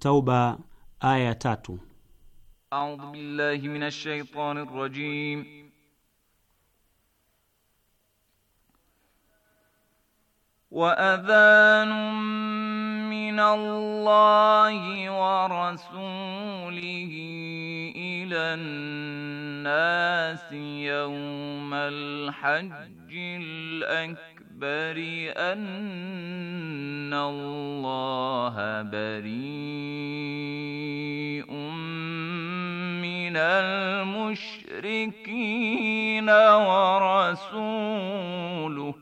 Tauba aya ya tatu. A'udhu billahi minash shaitani rrajim. وأذان من الله ورسوله إلى الناس يوم الحج الأكبر أن المشركين ورسوله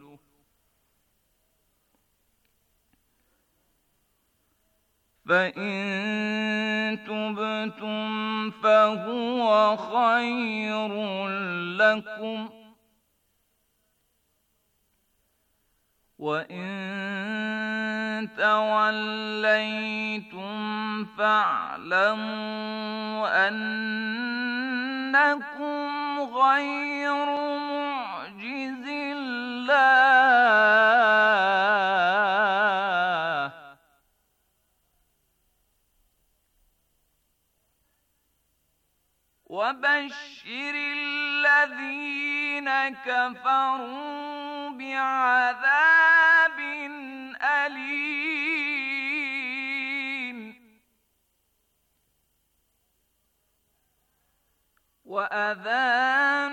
فإن تبتم فهو خير لكم وإن توليتم فاعلموا أن غير معجز الله وبشر الذين كفروا بعذاب وأذان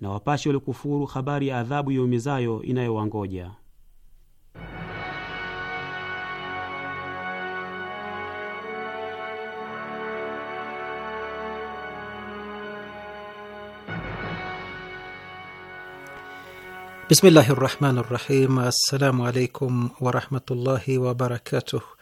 na wapashe walikufuru habari ya adhabu yaumizayo inayowangoja. Bismillahi rahmani rahim. Assalamu alaikum warahmatullahi wabarakatuh.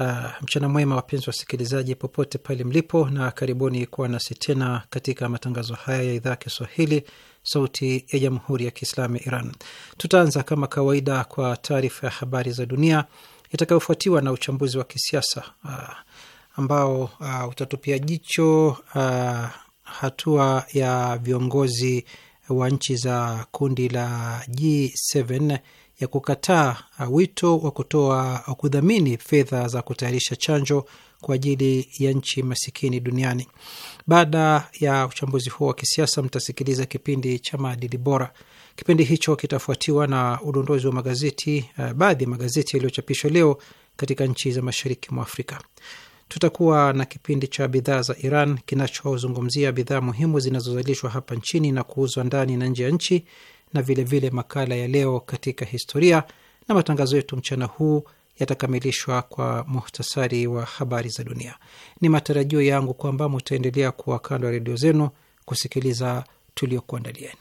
Uh, mchana mwema wapenzi wasikilizaji, popote pale mlipo, na karibuni kuwa nasi tena katika matangazo haya ya idhaa ya Kiswahili, Sauti ya Jamhuri ya Kiislamu ya Iran. Tutaanza kama kawaida kwa taarifa ya habari za dunia itakayofuatiwa na uchambuzi wa kisiasa uh, ambao uh, utatupia jicho uh, hatua ya viongozi wa nchi za kundi la G7 ya kukataa uh, wito wa kutoa wa kudhamini fedha za kutayarisha chanjo kwa ajili ya nchi masikini duniani. Baada ya uchambuzi huo wa kisiasa, mtasikiliza kipindi cha maadili bora. Kipindi hicho kitafuatiwa na udondozi wa magazeti, uh, baadhi ya magazeti yaliyochapishwa leo katika nchi za mashariki mwa Afrika. Tutakuwa na kipindi cha bidhaa za Iran kinachozungumzia bidhaa muhimu zinazozalishwa hapa nchini na kuuzwa ndani na nje ya nchi, na vilevile vile makala ya leo katika historia, na matangazo yetu mchana huu yatakamilishwa kwa muhtasari wa habari za dunia. Ni matarajio yangu kwamba mutaendelea kuwa kando ya redio zenu kusikiliza tuliokuandaliani.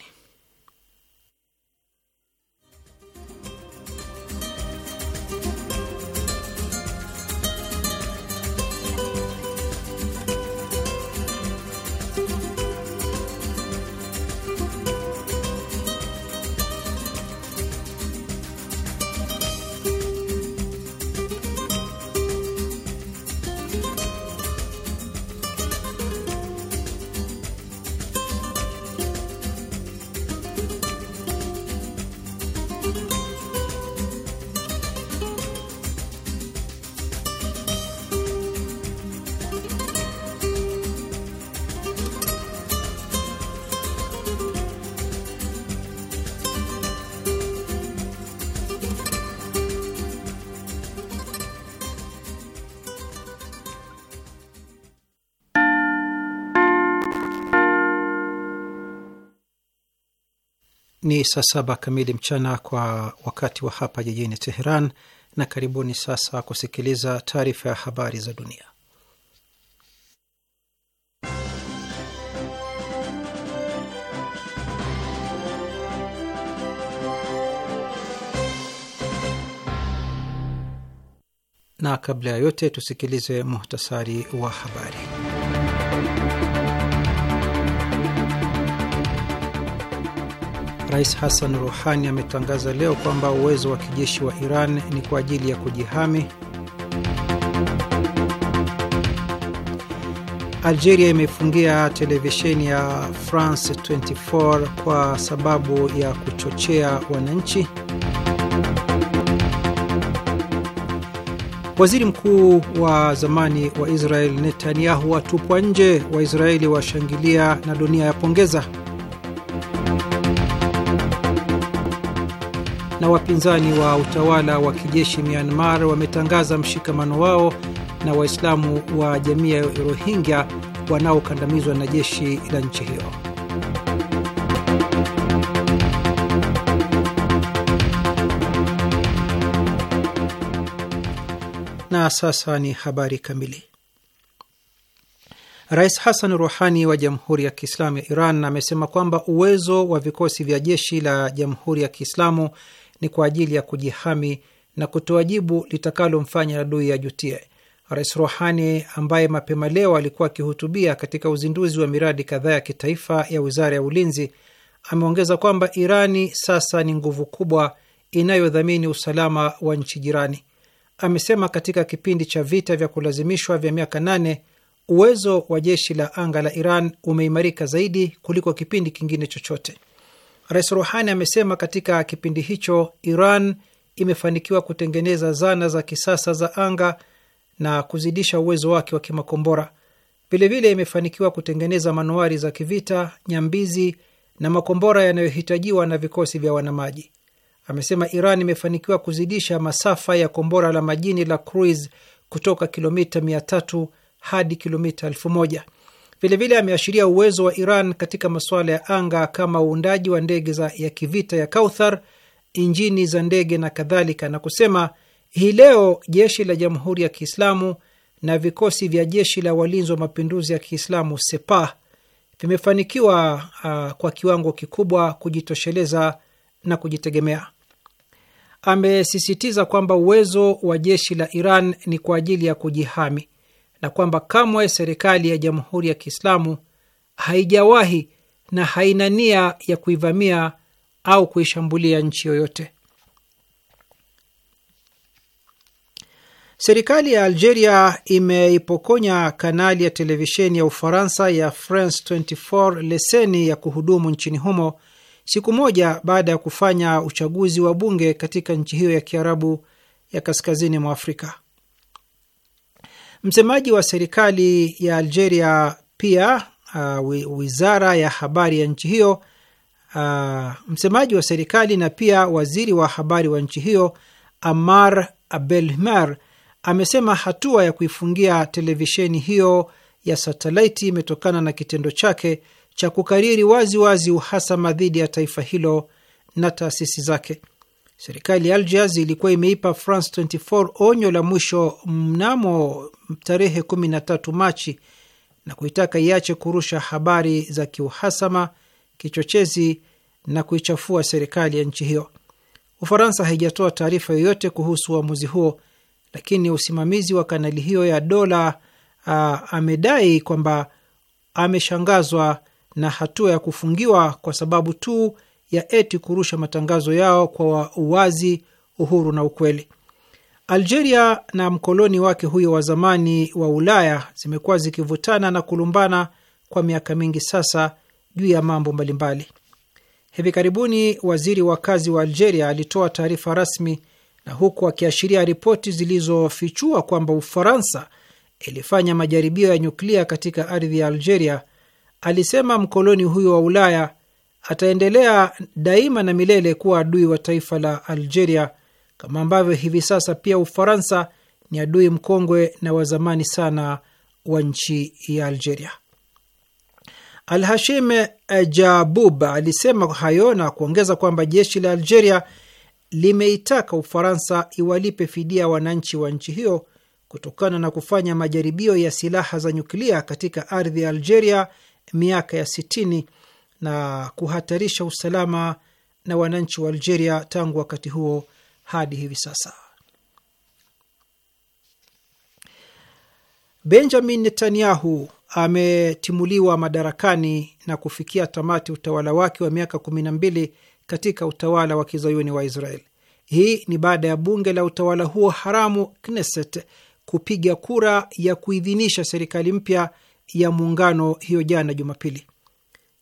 Ni saa saba kamili mchana kwa wakati wa hapa jijini Teheran, na karibuni sasa kusikiliza taarifa ya habari za dunia. Na kabla ya yote tusikilize muhtasari wa habari. Rais Hassan Rouhani ametangaza leo kwamba uwezo wa kijeshi wa Iran ni kwa ajili ya kujihami. Algeria imefungia televisheni ya France 24 kwa sababu ya kuchochea wananchi. Waziri mkuu wa zamani wa Israel Netanyahu atupwa nje, Waisraeli washangilia na dunia yapongeza. na wapinzani wa utawala wa kijeshi Myanmar wametangaza mshikamano wao na Waislamu wa jamii ya Rohingya wanaokandamizwa na jeshi la nchi hiyo. Na sasa ni habari kamili. Rais Hassan Ruhani wa Jamhuri ya Kiislamu ya Iran amesema kwamba uwezo wa vikosi vya jeshi la Jamhuri ya Kiislamu ni kwa ajili ya kujihami na kutoa jibu litakalomfanya adui ajutie. Rais Rohani, ambaye mapema leo alikuwa akihutubia katika uzinduzi wa miradi kadhaa ya kitaifa ya wizara ya ulinzi, ameongeza kwamba Irani sasa ni nguvu kubwa inayodhamini usalama wa nchi jirani. Amesema katika kipindi cha vita vya kulazimishwa vya miaka nane uwezo wa jeshi la anga la Iran umeimarika zaidi kuliko kipindi kingine chochote. Rais ruhani amesema katika kipindi hicho Iran imefanikiwa kutengeneza zana za kisasa za anga na kuzidisha uwezo wake wa kimakombora. Vilevile imefanikiwa kutengeneza manuari za kivita, nyambizi na makombora yanayohitajiwa na vikosi vya wanamaji. Amesema Iran imefanikiwa kuzidisha masafa ya kombora la majini la cruise kutoka kilomita 3 hadi kilomita 1000. Vilevile ameashiria uwezo wa Iran katika masuala ya anga kama uundaji wa ndege ya kivita ya Kauthar, injini za ndege na kadhalika, na kusema hii leo jeshi la Jamhuri ya Kiislamu na vikosi vya jeshi la walinzi wa mapinduzi ya Kiislamu Sepah vimefanikiwa uh, kwa kiwango kikubwa kujitosheleza na kujitegemea. Amesisitiza kwamba uwezo wa jeshi la Iran ni kwa ajili ya kujihami na kwamba kamwe serikali ya Jamhuri ya Kiislamu haijawahi na haina nia ya kuivamia au kuishambulia nchi yoyote. Serikali ya Algeria imeipokonya kanali ya televisheni ya Ufaransa ya France 24 leseni ya kuhudumu nchini humo siku moja baada ya kufanya uchaguzi wa bunge katika nchi hiyo ya Kiarabu ya kaskazini mwa Afrika. Msemaji wa serikali ya Algeria pia uh, wizara ya habari ya nchi hiyo uh, msemaji wa serikali na pia waziri wa habari wa nchi hiyo Amar Abdelhmer amesema hatua ya kuifungia televisheni hiyo ya satelaiti imetokana na kitendo chake cha kukariri wazi wazi uhasama dhidi ya taifa hilo na taasisi zake. Serikali ya Algiers ilikuwa imeipa France 24 onyo la mwisho mnamo tarehe 13 Machi na kuitaka iache kurusha habari za kiuhasama, kichochezi na kuichafua serikali ya nchi hiyo. Ufaransa haijatoa taarifa yoyote kuhusu uamuzi huo, lakini usimamizi wa kanali hiyo ya dola uh, amedai kwamba ameshangazwa na hatua ya kufungiwa kwa sababu tu ya eti kurusha matangazo yao kwa uwazi, uhuru na ukweli. Algeria na mkoloni wake huyo wa zamani wa Ulaya zimekuwa zikivutana na kulumbana kwa miaka mingi sasa juu ya mambo mbalimbali. Hivi karibuni waziri wa kazi wa Algeria alitoa taarifa rasmi, na huku akiashiria ripoti zilizofichua kwamba Ufaransa ilifanya majaribio ya nyuklia katika ardhi ya Algeria, alisema mkoloni huyo wa Ulaya ataendelea daima na milele kuwa adui wa taifa la Algeria kama ambavyo hivi sasa pia Ufaransa ni adui mkongwe na wa zamani sana wa nchi ya Algeria. Al-Hashim Jabub alisema hayo na kuongeza kwamba jeshi la Algeria limeitaka Ufaransa iwalipe fidia wananchi wa nchi hiyo kutokana na kufanya majaribio ya silaha za nyuklia katika ardhi ya Algeria miaka ya sitini na kuhatarisha usalama na wananchi wa Algeria tangu wakati huo hadi hivi sasa. Benjamin Netanyahu ametimuliwa madarakani na kufikia tamati utawala wake wa miaka kumi na mbili katika utawala wa kizayuni wa Israel. Hii ni baada ya bunge la utawala huo haramu Knesset kupiga kura ya kuidhinisha serikali mpya ya muungano hiyo jana Jumapili.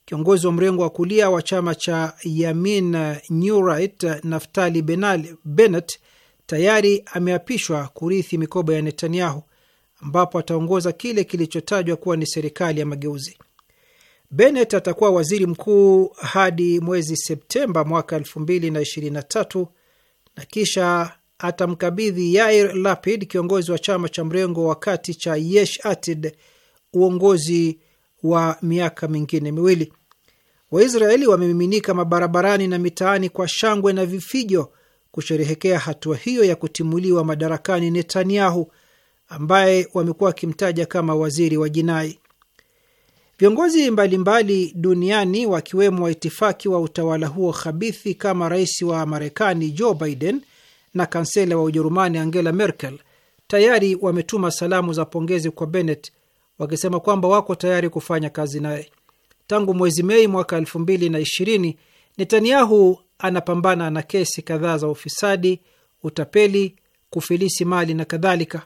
Kiongozi wa mrengo wa kulia wa chama cha Yamin New Right, Naftali Bennett tayari ameapishwa kurithi mikoba ya Netanyahu, ambapo ataongoza kile kilichotajwa kuwa ni serikali ya mageuzi. Bennett atakuwa waziri mkuu hadi mwezi Septemba mwaka 2023 na kisha atamkabidhi Yair Lapid, kiongozi wa chama cha mrengo wa kati cha Yesh Atid, uongozi wa miaka mingine miwili. Waisraeli wamemiminika mabarabarani na mitaani kwa shangwe na vifijo kusherehekea hatua hiyo ya kutimuliwa madarakani Netanyahu ambaye wamekuwa wakimtaja kama waziri wa jinai. Viongozi mbalimbali duniani wakiwemo waitifaki wa utawala huo khabithi kama rais wa Marekani Joe Biden na kansela wa Ujerumani Angela Merkel tayari wametuma salamu za pongezi kwa Bennett wakisema kwamba wako tayari kufanya kazi naye. Tangu mwezi Mei mwaka elfu mbili na ishirini, Netanyahu anapambana na kesi kadhaa za ufisadi, utapeli, kufilisi mali na kadhalika,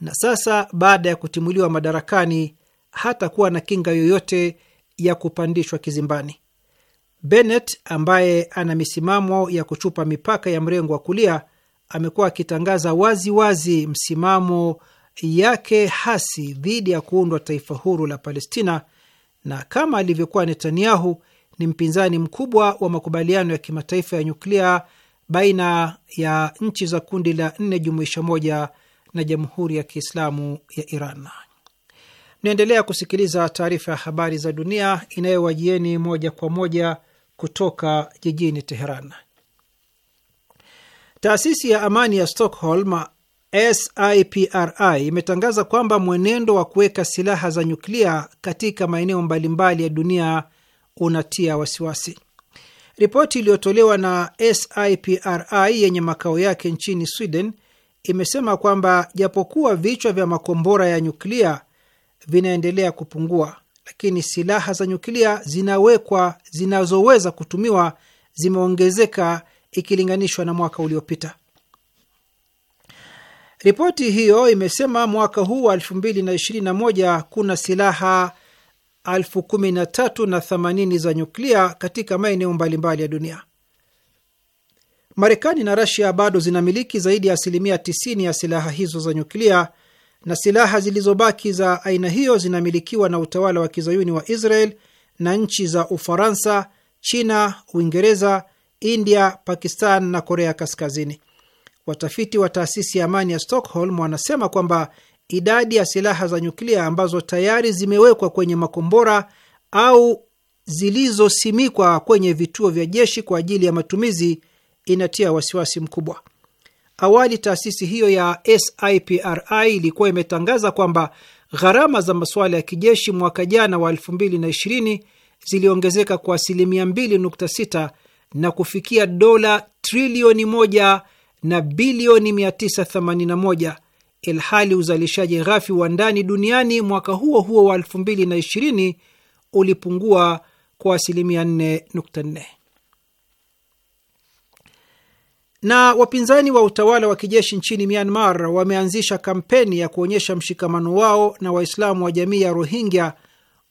na sasa baada ya kutimuliwa madarakani hata kuwa na kinga yoyote ya kupandishwa kizimbani. Bennett ambaye ana misimamo ya kuchupa mipaka ya mrengo wa kulia amekuwa akitangaza wazi wazi msimamo yake hasi dhidi ya kuundwa taifa huru la Palestina na kama alivyokuwa Netanyahu ni mpinzani mkubwa wa makubaliano ya kimataifa ya nyuklia baina ya nchi za kundi la nne jumuisha moja na Jamhuri ya Kiislamu ya Iran. Mnaendelea kusikiliza taarifa ya habari za dunia inayowajieni moja kwa moja kutoka jijini Teheran. Taasisi ya amani ya Stockholm SIPRI imetangaza kwamba mwenendo wa kuweka silaha za nyuklia katika maeneo mbalimbali ya dunia unatia wasiwasi. Ripoti iliyotolewa na SIPRI yenye makao yake nchini Sweden imesema kwamba japokuwa vichwa vya makombora ya nyuklia vinaendelea kupungua, lakini silaha za nyuklia zinawekwa zinazoweza kutumiwa zimeongezeka ikilinganishwa na mwaka uliopita. Ripoti hiyo imesema mwaka huu wa 2021 kuna silaha 13,080 za nyuklia katika maeneo mbalimbali ya dunia. Marekani na Rasia bado zinamiliki zaidi ya asilimia 90 ya silaha hizo za nyuklia na silaha zilizobaki za aina hiyo zinamilikiwa na utawala wa kizayuni wa Israel na nchi za Ufaransa, China, Uingereza, India, Pakistan na Korea Kaskazini. Watafiti wa taasisi ya amani ya Stockholm wanasema kwamba idadi ya silaha za nyuklia ambazo tayari zimewekwa kwenye makombora au zilizosimikwa kwenye vituo vya jeshi kwa ajili ya matumizi inatia wasiwasi mkubwa. Awali taasisi hiyo ya SIPRI ilikuwa imetangaza kwamba gharama za masuala ya kijeshi mwaka jana wa 2020 ziliongezeka kwa asilimia 2.6 na kufikia dola trilioni moja na bilioni 981 ilhali uzalishaji ghafi wa ndani duniani mwaka huo huo wa 2020 ulipungua kwa asilimia 4.4. Na wapinzani wa utawala wa kijeshi nchini Myanmar wameanzisha kampeni ya kuonyesha mshikamano wao na Waislamu wa jamii ya Rohingya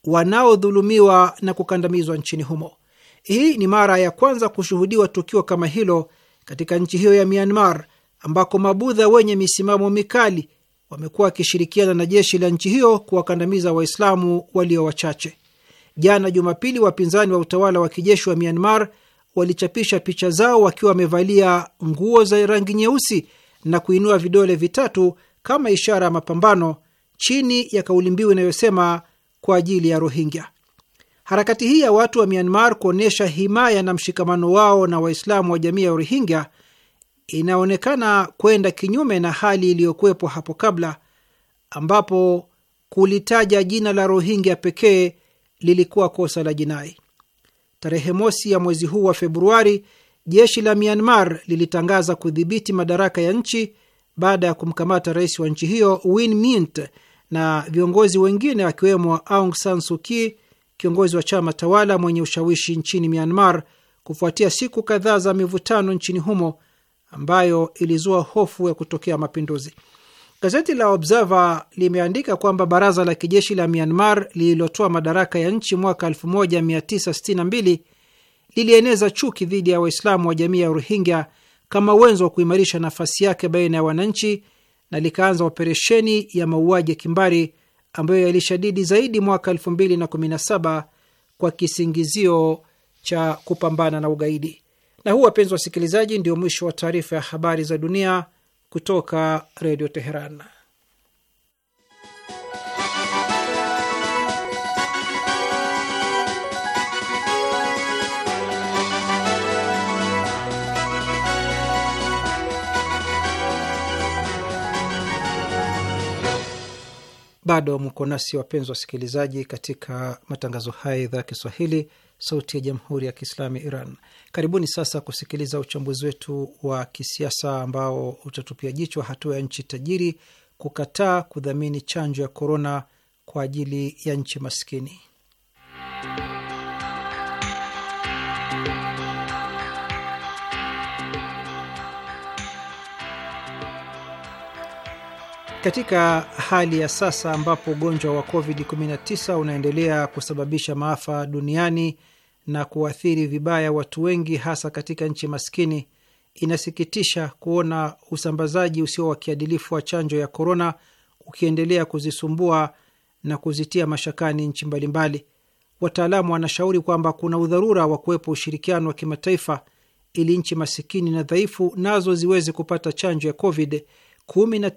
wanaodhulumiwa na kukandamizwa nchini humo. Hii ni mara ya kwanza kushuhudiwa tukio kama hilo katika nchi hiyo ya Myanmar ambako mabudha wenye misimamo mikali wamekuwa wakishirikiana na jeshi la nchi hiyo kuwakandamiza Waislamu walio wachache. Jana Jumapili, wapinzani wa utawala wa kijeshi wa Myanmar walichapisha picha zao wakiwa wamevalia nguo za rangi nyeusi na kuinua vidole vitatu kama ishara ya mapambano chini ya kauli mbiu inayosema kwa ajili ya Rohingya. Harakati hii ya watu wa Myanmar kuonyesha himaya na mshikamano wao na Waislamu wa jamii ya Rohingya inaonekana kwenda kinyume na hali iliyokuwepo hapo kabla, ambapo kulitaja jina la Rohingya pekee lilikuwa kosa la jinai. Tarehe mosi ya mwezi huu wa Februari, jeshi la Myanmar lilitangaza kudhibiti madaraka ya nchi baada ya kumkamata rais wa nchi hiyo Win Myint na viongozi wengine akiwemo Aung San Suu Kyi kiongozi wa chama tawala mwenye ushawishi nchini Myanmar, kufuatia siku kadhaa za mivutano nchini humo ambayo ilizua hofu ya kutokea mapinduzi. Gazeti la Observer limeandika kwamba baraza la kijeshi la Myanmar lililotoa madaraka ya nchi mwaka 1962 lilieneza chuki dhidi ya Waislamu wa jamii ya Rohingya kama wenzo wa kuimarisha nafasi yake baina ya wananchi na likaanza operesheni ya mauaji ya kimbari ambayo yalishadidi zaidi mwaka 2017 kwa kisingizio cha kupambana na ugaidi. Na huu, wapenzi wasikilizaji, ndio mwisho wa taarifa ya habari za dunia kutoka Redio Teheran. Bado mko nasi wapenzi wasikilizaji, katika matangazo haya idhaa ya Kiswahili, sauti ya jamhuri ya kiislamu ya Iran. Karibuni sasa kusikiliza uchambuzi wetu wa kisiasa ambao utatupia jicho hatua ya nchi tajiri kukataa kudhamini chanjo ya korona kwa ajili ya nchi maskini. Katika hali ya sasa ambapo ugonjwa wa COVID-19 unaendelea kusababisha maafa duniani na kuathiri vibaya watu wengi, hasa katika nchi maskini, inasikitisha kuona usambazaji usio wa kiadilifu wa chanjo ya korona ukiendelea kuzisumbua na kuzitia mashakani nchi mbalimbali. Wataalamu wanashauri kwamba kuna udharura wa kuwepo ushirikiano wa kimataifa ili nchi masikini na dhaifu nazo ziweze kupata chanjo ya COVID kumi na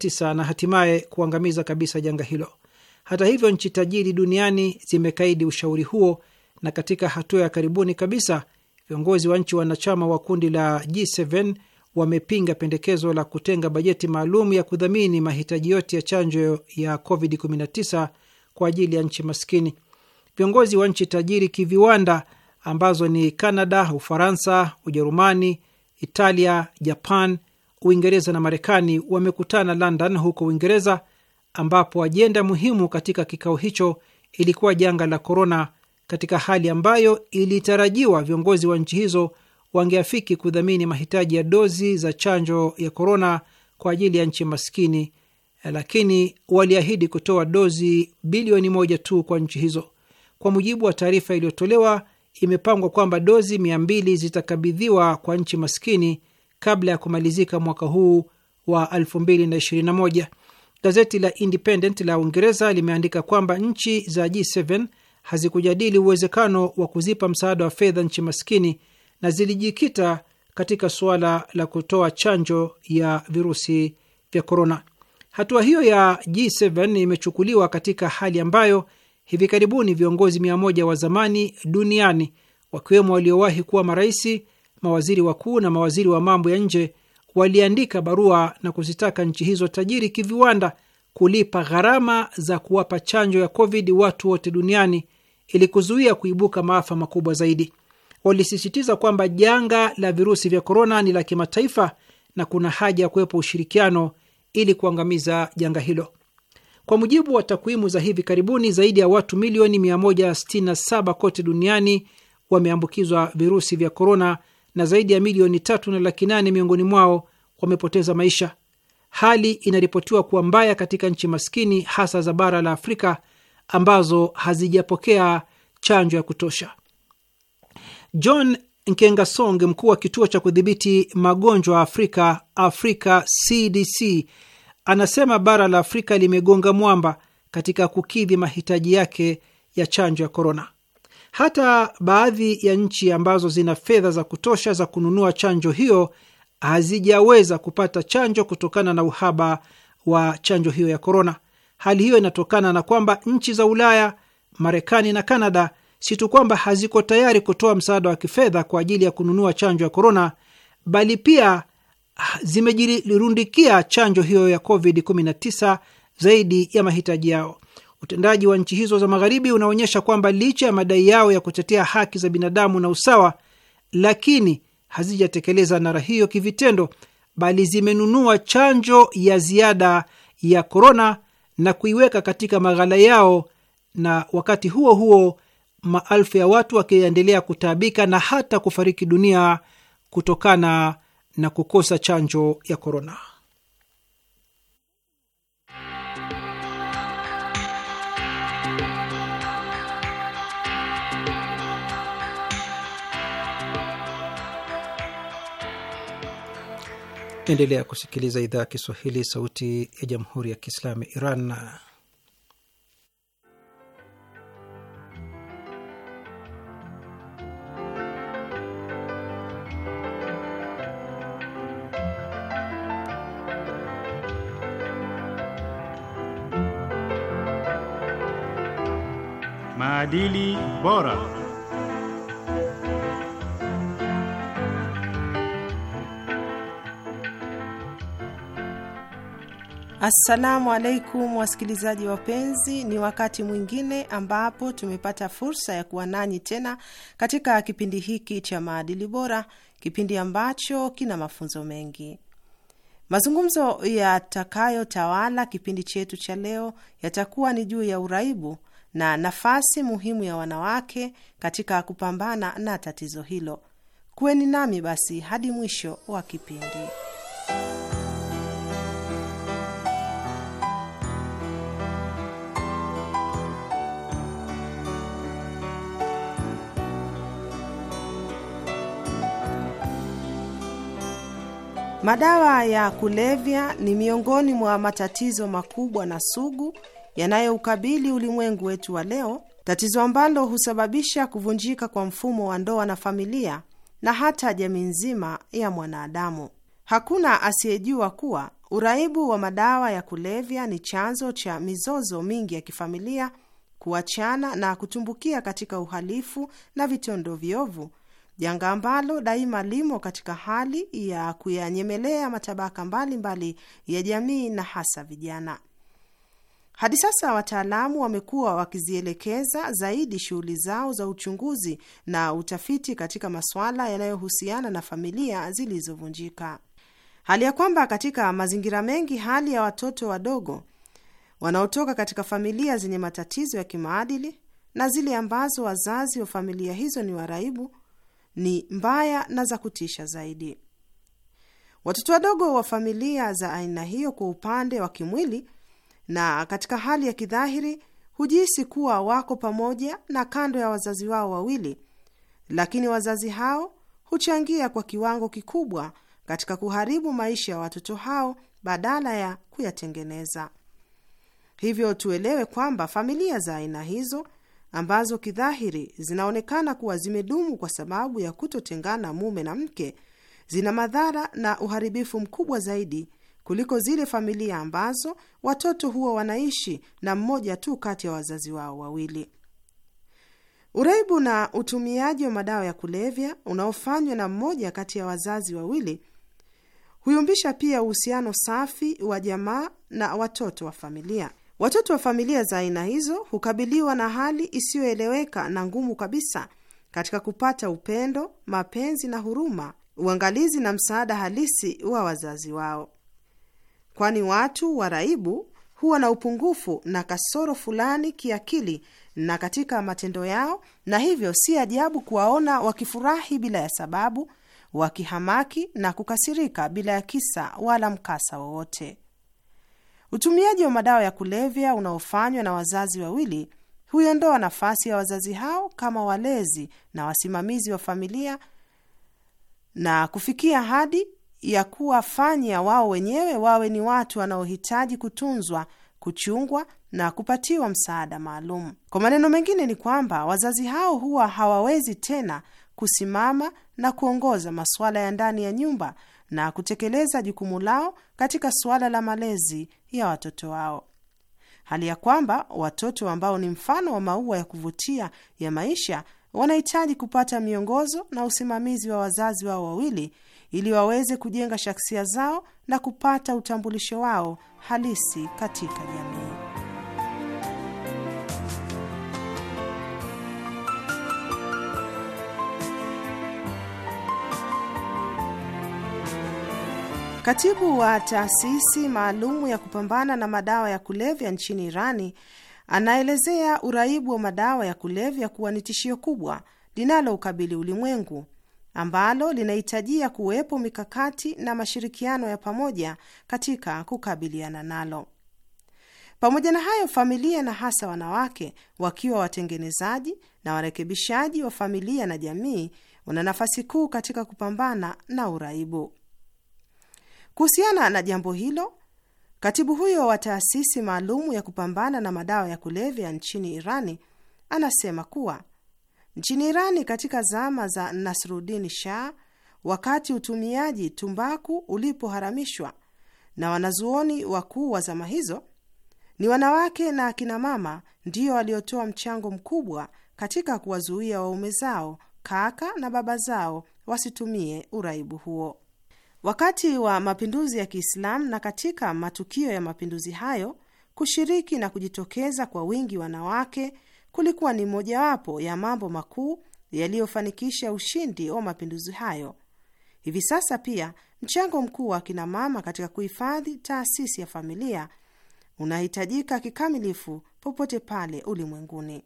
hatimaye kuangamiza kabisa janga hilo. Hata hivyo, nchi tajiri duniani zimekaidi ushauri huo, na katika hatua ya karibuni kabisa viongozi wa nchi wanachama wa kundi la G7 wamepinga pendekezo la kutenga bajeti maalum ya kudhamini mahitaji yote ya chanjo ya COVID-19 kwa ajili ya nchi maskini. Viongozi wa nchi tajiri kiviwanda ambazo ni canada Ufaransa, Ujerumani, Italia, Japan, Uingereza na Marekani wamekutana London huko Uingereza, ambapo ajenda muhimu katika kikao hicho ilikuwa janga la korona, katika hali ambayo ilitarajiwa viongozi wa nchi hizo wangeafiki kudhamini mahitaji ya dozi za chanjo ya korona kwa ajili ya nchi maskini, lakini waliahidi kutoa dozi bilioni moja tu kwa nchi hizo. Kwa mujibu wa taarifa iliyotolewa, imepangwa kwamba dozi mia mbili zitakabidhiwa kwa nchi maskini kabla ya kumalizika mwaka huu wa 2021. Gazeti la Independent la Uingereza limeandika kwamba nchi za G7 hazikujadili uwezekano wa kuzipa msaada wa fedha nchi maskini na zilijikita katika suala la kutoa chanjo ya virusi vya korona. Hatua hiyo ya G7 imechukuliwa katika hali ambayo hivi karibuni viongozi mia moja wa zamani duniani wakiwemo waliowahi kuwa maraisi mawaziri wakuu na mawaziri wa mambo ya nje waliandika barua na kuzitaka nchi hizo tajiri kiviwanda kulipa gharama za kuwapa chanjo ya COVID watu wote duniani ili kuzuia kuibuka maafa makubwa zaidi. Walisisitiza kwamba janga la virusi vya korona ni la kimataifa na kuna haja ya kuwepo ushirikiano ili kuangamiza janga hilo. Kwa mujibu wa takwimu za hivi karibuni, zaidi ya watu milioni 167 kote duniani wameambukizwa virusi vya korona na zaidi ya milioni tatu na laki nane miongoni mwao wamepoteza maisha. Hali inaripotiwa kuwa mbaya katika nchi maskini hasa za bara la Afrika ambazo hazijapokea chanjo ya kutosha. John Nkengasong, mkuu wa kituo cha kudhibiti magonjwa Afrika, Afrika CDC, anasema bara la Afrika limegonga mwamba katika kukidhi mahitaji yake ya chanjo ya korona. Hata baadhi ya nchi ambazo zina fedha za kutosha za kununua chanjo hiyo hazijaweza kupata chanjo kutokana na uhaba wa chanjo hiyo ya korona. Hali hiyo inatokana na kwamba nchi za Ulaya, Marekani na Kanada si tu kwamba haziko tayari kutoa msaada wa kifedha kwa ajili ya kununua chanjo ya korona, bali pia zimejirundikia chanjo hiyo ya COVID-19 zaidi ya mahitaji yao. Utendaji wa nchi hizo za magharibi unaonyesha kwamba licha ya madai yao ya kutetea haki za binadamu na usawa, lakini hazijatekeleza nara hiyo kivitendo, bali zimenunua chanjo ya ziada ya korona na kuiweka katika maghala yao, na wakati huo huo maelfu ya watu wakiendelea kutaabika na hata kufariki dunia kutokana na kukosa chanjo ya korona. Endelea kusikiliza idhaa ya Kiswahili, sauti ya jamhuri ya kiislamu ya Iran. Maadili bora. Assalamu alaikum wasikilizaji wapenzi, ni wakati mwingine ambapo tumepata fursa ya kuwa nanyi tena katika kipindi hiki cha maadili bora, kipindi ambacho kina mafunzo mengi. Mazungumzo yatakayotawala kipindi chetu cha leo yatakuwa ni juu ya uraibu na nafasi muhimu ya wanawake katika kupambana na tatizo hilo. Kuweni nami basi hadi mwisho wa kipindi. Madawa ya kulevya ni miongoni mwa matatizo makubwa na sugu yanayoukabili ulimwengu wetu wa leo, tatizo ambalo husababisha kuvunjika kwa mfumo wa ndoa na familia na hata jamii nzima ya mwanadamu. Hakuna asiyejua kuwa uraibu wa madawa ya kulevya ni chanzo cha mizozo mingi ya kifamilia, kuachana na kutumbukia katika uhalifu na vitendo viovu janga ambalo daima limo katika hali ya kuyanyemelea matabaka mbalimbali mbali ya jamii na hasa vijana. Hadi sasa wataalamu wamekuwa wakizielekeza zaidi shughuli zao za uchunguzi na utafiti katika masuala yanayohusiana na familia zilizovunjika, hali ya kwamba katika mazingira mengi hali ya watoto wadogo wanaotoka katika familia zenye matatizo ya kimaadili na zile ambazo wazazi wa familia hizo ni waraibu ni mbaya na za kutisha zaidi. Watoto wadogo wa familia za aina hiyo, kwa upande wa kimwili na katika hali ya kidhahiri, hujihisi kuwa wako pamoja na kando ya wazazi wao wawili, lakini wazazi hao huchangia kwa kiwango kikubwa katika kuharibu maisha ya watoto hao badala ya kuyatengeneza. Hivyo tuelewe kwamba familia za aina hizo ambazo kidhahiri zinaonekana kuwa zimedumu kwa sababu ya kutotengana mume na mke, zina madhara na uharibifu mkubwa zaidi kuliko zile familia ambazo watoto huwa wanaishi na mmoja tu kati ya wazazi wao wawili. Uraibu na utumiaji wa madawa ya kulevya unaofanywa na mmoja kati ya wazazi wawili huyumbisha pia uhusiano safi wa jamaa na watoto wa familia. Watoto wa familia za aina hizo hukabiliwa na hali isiyoeleweka na ngumu kabisa katika kupata upendo, mapenzi na huruma, uangalizi na msaada halisi wa wazazi wao, kwani watu waraibu huwa na upungufu na kasoro fulani kiakili na katika matendo yao, na hivyo si ajabu kuwaona wakifurahi bila ya sababu, wakihamaki na kukasirika bila ya kisa wala mkasa wowote. Utumiaji wa madawa ya kulevya unaofanywa na wazazi wawili huiondoa nafasi ya wazazi hao kama walezi na wasimamizi wa familia na kufikia hadi ya kuwafanya wao wenyewe wawe ni watu wanaohitaji kutunzwa, kuchungwa na kupatiwa msaada maalum. Kwa maneno mengine, ni kwamba wazazi hao huwa hawawezi tena kusimama na kuongoza masuala ya ndani ya nyumba na kutekeleza jukumu lao katika suala la malezi ya watoto wao, hali ya kwamba watoto ambao ni mfano wa maua ya kuvutia ya maisha wanahitaji kupata miongozo na usimamizi wa wazazi wao wawili ili waweze kujenga shaksia zao na kupata utambulisho wao halisi katika jamii. Katibu wa taasisi maalumu ya kupambana na madawa ya kulevya nchini Irani anaelezea uraibu wa madawa ya kulevya kuwa ni tishio kubwa linaloukabili ulimwengu ambalo linahitajia kuwepo mikakati na mashirikiano ya pamoja katika kukabiliana nalo. Pamoja na hayo, familia na hasa wanawake, wakiwa watengenezaji na warekebishaji wa familia na jamii, wana nafasi kuu katika kupambana na uraibu. Kuhusiana na jambo hilo, katibu huyo wa taasisi maalum ya kupambana na madawa ya kulevya nchini Irani anasema kuwa nchini Irani katika zama za Nasrudin Shah, wakati utumiaji tumbaku ulipoharamishwa na wanazuoni wakuu wa zama hizo, ni wanawake na akinamama ndiyo waliotoa mchango mkubwa katika kuwazuia waume zao, kaka na baba zao wasitumie uraibu huo wakati wa mapinduzi ya Kiislamu na katika matukio ya mapinduzi hayo kushiriki na kujitokeza kwa wingi wanawake kulikuwa ni mojawapo ya mambo makuu yaliyofanikisha ushindi wa mapinduzi hayo. Hivi sasa pia mchango mkuu wa kinamama katika kuhifadhi taasisi ya familia unahitajika kikamilifu popote pale ulimwenguni.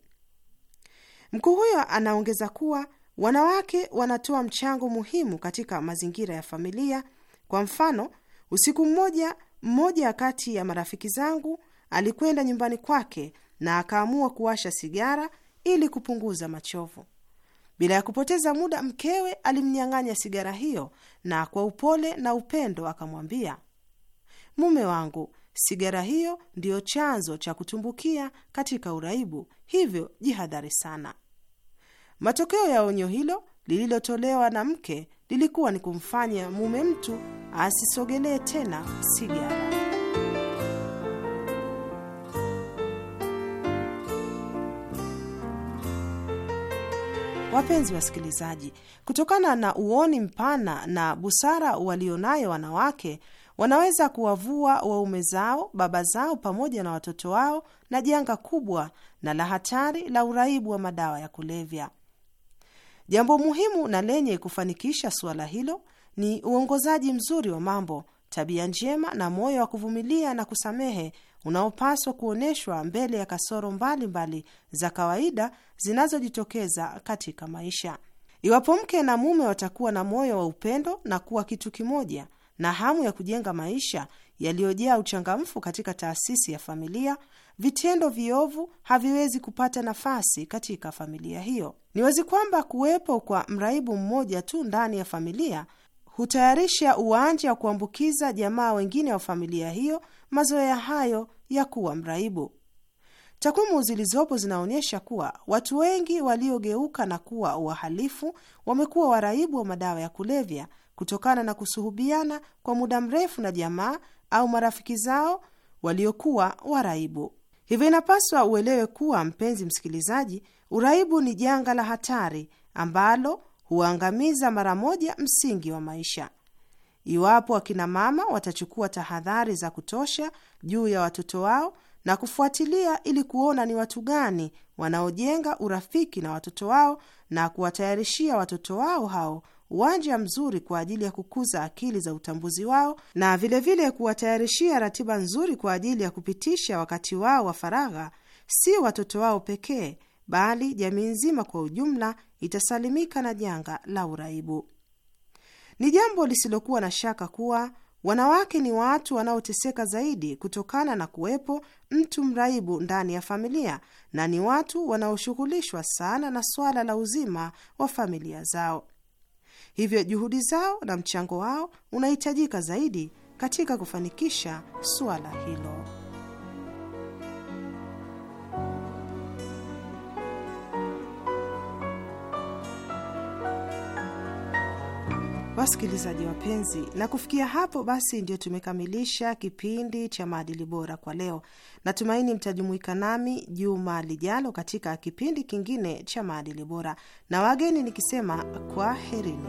Mkuu huyo anaongeza kuwa Wanawake wanatoa mchango muhimu katika mazingira ya familia. Kwa mfano, usiku mmoja, mmoja kati ya marafiki zangu alikwenda nyumbani kwake na akaamua kuwasha sigara ili kupunguza machovu. Bila ya kupoteza muda, mkewe alimnyang'anya sigara hiyo, na kwa upole na upendo akamwambia, mume wangu, sigara hiyo ndiyo chanzo cha kutumbukia katika uraibu, hivyo jihadhari sana. Matokeo ya onyo hilo lililotolewa na mke lilikuwa ni kumfanya mume mtu asisogelee tena sigara. Wapenzi wasikilizaji, kutokana na uoni mpana na busara walionayo wanawake, wanaweza kuwavua waume zao, baba zao, pamoja na watoto wao na janga kubwa na la hatari la uraibu wa madawa ya kulevya. Jambo muhimu na lenye kufanikisha suala hilo ni uongozaji mzuri wa mambo, tabia njema na moyo wa kuvumilia na kusamehe unaopaswa kuonyeshwa mbele ya kasoro mbalimbali mbali za kawaida zinazojitokeza katika maisha. Iwapo mke na mume watakuwa na moyo wa upendo na kuwa kitu kimoja na hamu ya kujenga maisha yaliyojaa uchangamfu katika taasisi ya familia, vitendo viovu haviwezi kupata nafasi katika familia hiyo. Ni wazi kwamba kuwepo kwa mraibu mmoja tu ndani ya familia hutayarisha uwanja wa kuambukiza jamaa wengine wa familia hiyo mazoea hayo ya kuwa mraibu. Takwimu zilizopo zinaonyesha kuwa watu wengi waliogeuka na kuwa wahalifu wamekuwa waraibu wa madawa ya kulevya kutokana na kusuhubiana kwa muda mrefu na jamaa au marafiki zao waliokuwa waraibu. Hivyo inapaswa uelewe kuwa, mpenzi msikilizaji, uraibu ni janga la hatari ambalo huangamiza mara moja msingi wa maisha. Iwapo akina mama watachukua tahadhari za kutosha juu ya watoto wao na kufuatilia ili kuona ni watu gani wanaojenga urafiki na watoto wao na kuwatayarishia watoto wao hao uwanja mzuri kwa ajili ya kukuza akili za utambuzi wao na vilevile kuwatayarishia ratiba nzuri kwa ajili ya kupitisha wakati wao wa faragha. Si watoto wao pekee, bali jamii nzima kwa ujumla itasalimika na janga la uraibu. Ni jambo lisilokuwa na shaka kuwa wanawake ni watu wanaoteseka zaidi kutokana na kuwepo mtu mraibu ndani ya familia na ni watu wanaoshughulishwa sana na swala la uzima wa familia zao. Hivyo juhudi zao na mchango wao unahitajika zaidi katika kufanikisha suala hilo. Wasikilizaji wapenzi, na kufikia hapo basi ndio tumekamilisha kipindi cha maadili bora kwa leo. Natumaini mtajumuika nami juma lijalo katika kipindi kingine cha maadili bora, na wageni nikisema kwaherini.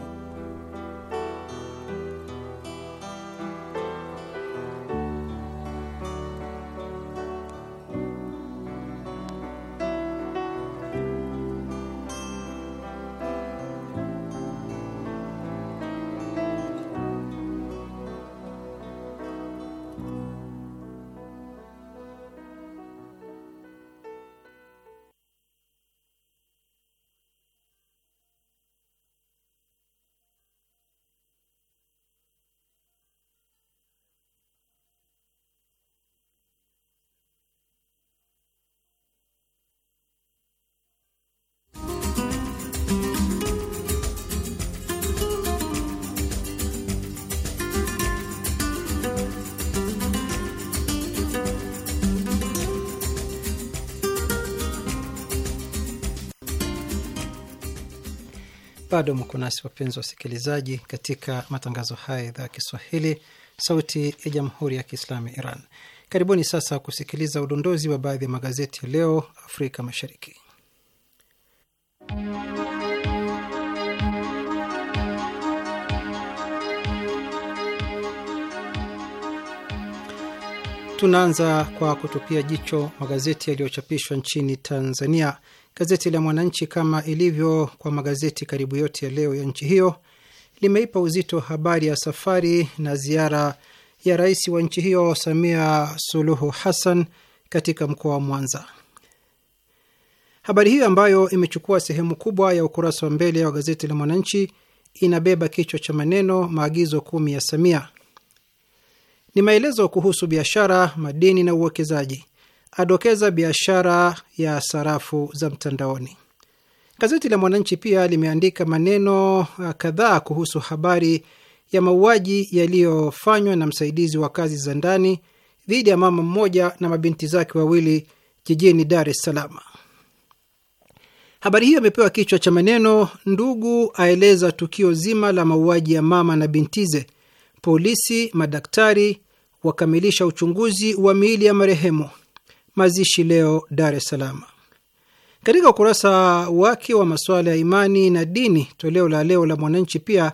Bado mko nasi wapenzi wasikilizaji, katika matangazo haya ya idhaa ya Kiswahili, Sauti ya Jamhuri ya Kiislamu ya Iran. Karibuni sasa kusikiliza udondozi wa baadhi ya magazeti ya leo Afrika Mashariki. Tunaanza kwa kutupia jicho magazeti yaliyochapishwa nchini Tanzania. Gazeti la Mwananchi, kama ilivyo kwa magazeti karibu yote ya leo ya nchi hiyo, limeipa uzito habari ya safari na ziara ya rais wa nchi hiyo Samia Suluhu Hassan katika mkoa wa Mwanza. Habari hiyo ambayo imechukua sehemu kubwa ya ukurasa wa mbele wa gazeti la Mwananchi inabeba kichwa cha maneno maagizo kumi ya Samia. Ni maelezo kuhusu biashara, madini na uwekezaji adokeza biashara ya sarafu za mtandaoni. Gazeti la Mwananchi pia limeandika maneno uh, kadhaa kuhusu habari ya mauaji yaliyofanywa na msaidizi wa kazi za ndani dhidi ya mama mmoja na mabinti zake wawili jijini Dar es Salaam. Habari hiyo imepewa kichwa cha maneno, ndugu aeleza tukio zima la mauaji ya mama na bintize, polisi, madaktari wakamilisha uchunguzi wa miili ya marehemu mazishi leo Dar es Salaam. Katika ukurasa wake wa masuala ya imani na dini, toleo la leo la Mwananchi pia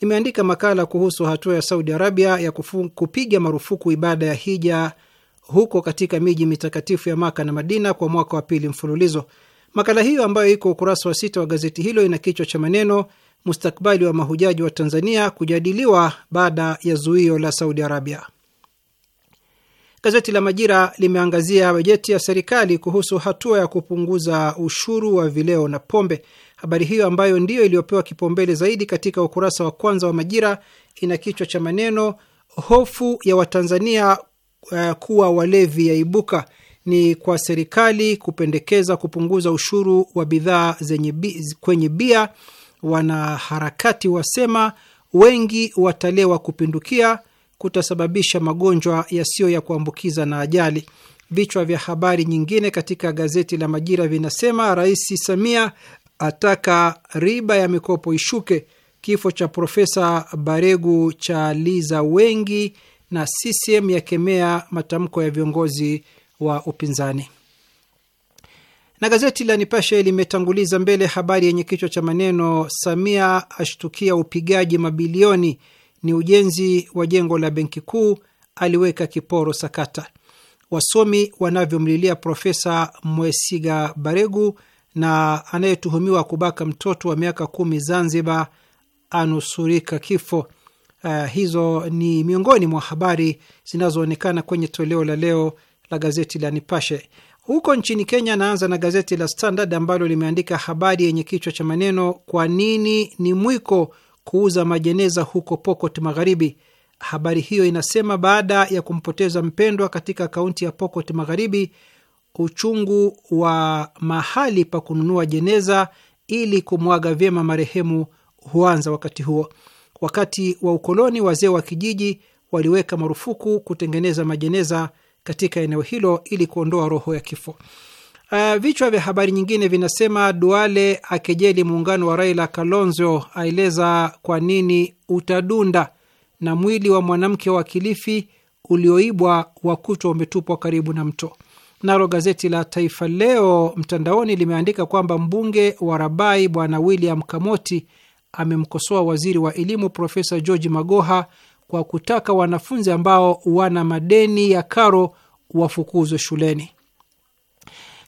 limeandika makala kuhusu hatua ya Saudi Arabia ya kufu, kupiga marufuku ibada ya hija huko katika miji mitakatifu ya Maka na Madina kwa mwaka wa pili mfululizo. Makala hiyo ambayo iko ukurasa wa sita wa gazeti hilo ina kichwa cha maneno mustakbali wa mahujaji wa Tanzania kujadiliwa baada ya zuio la Saudi Arabia. Gazeti la Majira limeangazia bajeti ya serikali kuhusu hatua ya kupunguza ushuru wa vileo na pombe. Habari hiyo ambayo ndiyo iliyopewa kipaumbele zaidi katika ukurasa wa kwanza wa Majira ina kichwa cha maneno hofu ya Watanzania uh, kuwa walevi yaibuka. Ni kwa serikali kupendekeza kupunguza ushuru wa bidhaa zenye bi, kwenye bia. Wanaharakati wasema wengi watalewa kupindukia kutasababisha magonjwa yasiyo ya kuambukiza na ajali. Vichwa vya habari nyingine katika gazeti la Majira vinasema Rais Samia ataka riba ya mikopo ishuke, kifo cha Profesa Baregu cha liza wengi, na CCM yakemea matamko ya viongozi wa upinzani. Na gazeti la Nipashe limetanguliza mbele habari yenye kichwa cha maneno Samia ashtukia upigaji mabilioni ni ujenzi wa jengo la benki kuu, aliweka kiporo sakata. Wasomi wanavyomlilia Profesa Mwesiga Baregu na anayetuhumiwa kubaka mtoto wa miaka kumi Zanzibar anusurika kifo. Uh, hizo ni miongoni mwa habari zinazoonekana kwenye toleo la leo la gazeti la Nipashe. Huko nchini Kenya, naanza na gazeti la Standard ambalo limeandika habari yenye kichwa cha maneno kwa nini ni mwiko kuuza majeneza huko Pokot Magharibi. Habari hiyo inasema baada ya kumpoteza mpendwa katika kaunti ya Pokot Magharibi, uchungu wa mahali pa kununua jeneza ili kumwaga vyema marehemu huanza wakati huo. Wakati wa ukoloni, wazee wa kijiji waliweka marufuku kutengeneza majeneza katika eneo hilo ili kuondoa roho ya kifo. Uh, vichwa vya habari nyingine vinasema Duale akejeli muungano wa Raila, Kalonzo aeleza kwa nini utadunda, na mwili wa mwanamke wa Kilifi ulioibwa wakutwa umetupwa karibu na mto. Nalo gazeti la Taifa Leo mtandaoni limeandika kwamba mbunge wa Rabai Bwana William Kamoti amemkosoa waziri wa elimu Profesa George Magoha kwa kutaka wanafunzi ambao wana madeni ya karo wafukuzwe shuleni.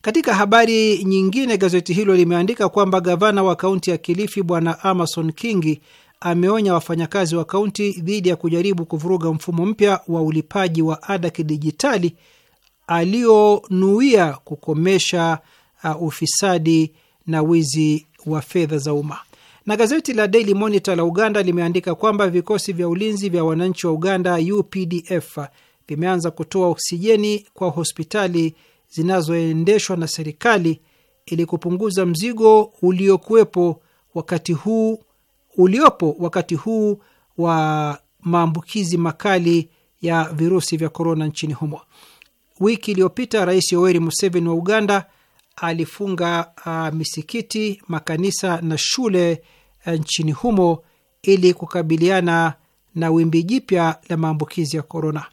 Katika habari nyingine, gazeti hilo limeandika kwamba gavana wa kaunti ya Kilifi Bwana Amason Kingi ameonya wafanyakazi wa kaunti dhidi ya kujaribu kuvuruga mfumo mpya wa ulipaji wa ada kidijitali alionuia kukomesha uh, ufisadi na wizi wa fedha za umma. Na gazeti la Daily Monitor la Uganda limeandika kwamba vikosi vya ulinzi vya wananchi wa Uganda UPDF vimeanza kutoa oksijeni kwa hospitali zinazoendeshwa na serikali ili kupunguza mzigo uliokuwepo wakati huu uliopo wakati huu wa maambukizi makali ya virusi vya korona nchini humo. Wiki iliyopita Rais Yoweri Museveni wa Uganda alifunga uh, misikiti, makanisa na shule uh, nchini humo ili kukabiliana na wimbi jipya la maambukizi ya korona.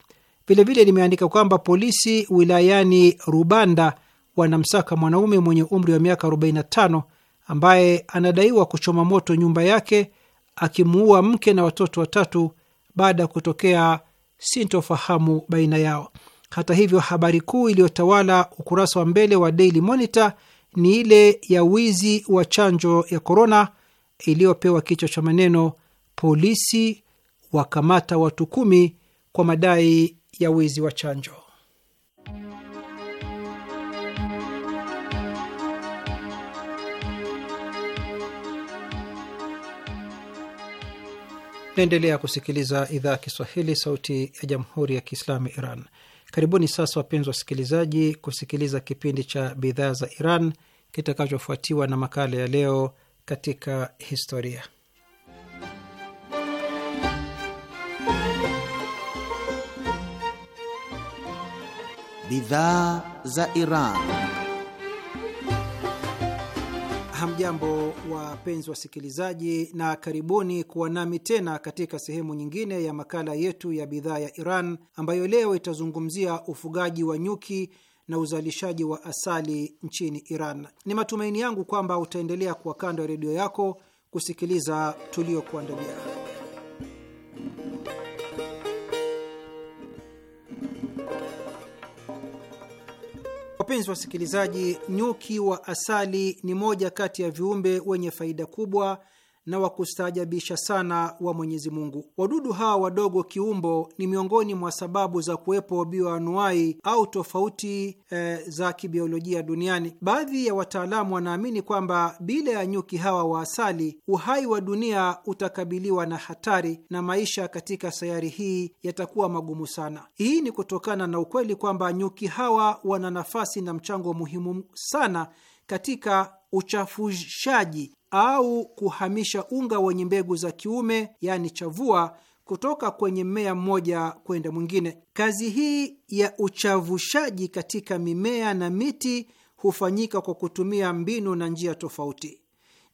Vilevile limeandika kwamba polisi wilayani Rubanda wanamsaka mwanaume mwenye umri wa miaka 45 ambaye anadaiwa kuchoma moto nyumba yake akimuua mke na watoto watatu baada ya kutokea sintofahamu baina yao. Hata hivyo, habari kuu iliyotawala ukurasa wa mbele wa Daily Monitor ni ile ya wizi wa chanjo ya korona iliyopewa kichwa cha maneno polisi wakamata watu kumi kwa madai ya wizi wa chanjo. Naendelea kusikiliza idhaa ya Kiswahili, sauti ya jamhuri ya kiislamu Iran. Karibuni sasa, wapenzi wasikilizaji, kusikiliza kipindi cha bidhaa za Iran kitakachofuatiwa na makala ya leo katika historia. bidhaa za Iran. Hamjambo, wapenzi wasikilizaji, na karibuni kuwa nami tena katika sehemu nyingine ya makala yetu ya bidhaa ya Iran ambayo leo itazungumzia ufugaji wa nyuki na uzalishaji wa asali nchini Iran. Ni matumaini yangu kwamba utaendelea kuwa kando ya redio yako kusikiliza tuliokuandalia. Wapenzi wasikilizaji, nyuki wa asali ni moja kati ya viumbe wenye faida kubwa na wa kustaajabisha sana wa Mwenyezi Mungu. Wadudu hawa wadogo kiumbo ni miongoni mwa sababu za kuwepo bioanuai au tofauti e, za kibiolojia duniani. Baadhi ya wataalamu wanaamini kwamba bila ya nyuki hawa wa asali, uhai wa dunia utakabiliwa na hatari na maisha katika sayari hii yatakuwa magumu sana. Hii ni kutokana na ukweli kwamba nyuki hawa wana nafasi na mchango muhimu sana katika uchafushaji au kuhamisha unga wenye mbegu za kiume, yaani chavua, kutoka kwenye mmea mmoja kwenda mwingine. Kazi hii ya uchavushaji katika mimea na miti hufanyika kwa kutumia mbinu na njia tofauti.